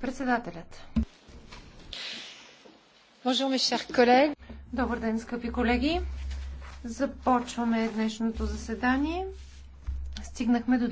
Председателят. Добър ден, скъпи колеги! Започваме днешното заседание. Стигнахме до